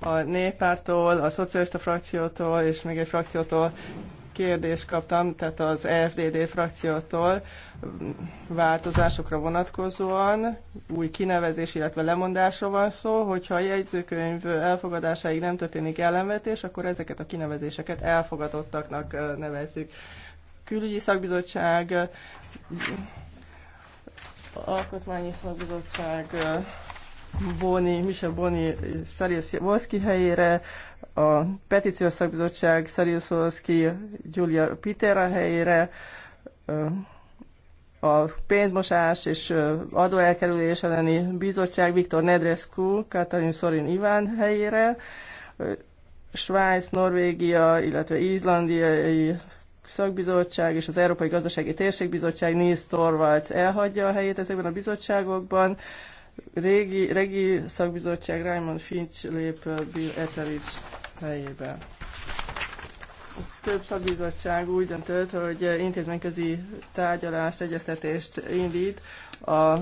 a néppártól, a szocialista frakciótól és még egy frakciótól kérdést kaptam, tehát az FDD frakciótól változásokra vonatkozóan, új kinevezés, illetve lemondásról van szó, hogyha a jegyzőkönyv elfogadásáig nem történik ellenvetés, akkor ezeket a kinevezéseket elfogadottaknak nevezzük. Külügyi szakbizottság, alkotmányi szakbizottság Boni, Michel Boni Szerius helyére, a Petíciós Szakbizottság Szerius Volszki Pitera helyére, a pénzmosás és adóelkerülés elleni bizottság Viktor Nedrescu, Katalin Szorin Iván helyére, Svájc, Norvégia, illetve Izlandiai szakbizottság és az Európai Gazdasági Térségbizottság Nils Torvalds elhagyja a helyét ezekben a bizottságokban régi, régi szakbizottság Raymond Finch lép Bill Etheridge helyébe. Több szakbizottság úgy döntött, hogy intézményközi tárgyalást, egyeztetést indít a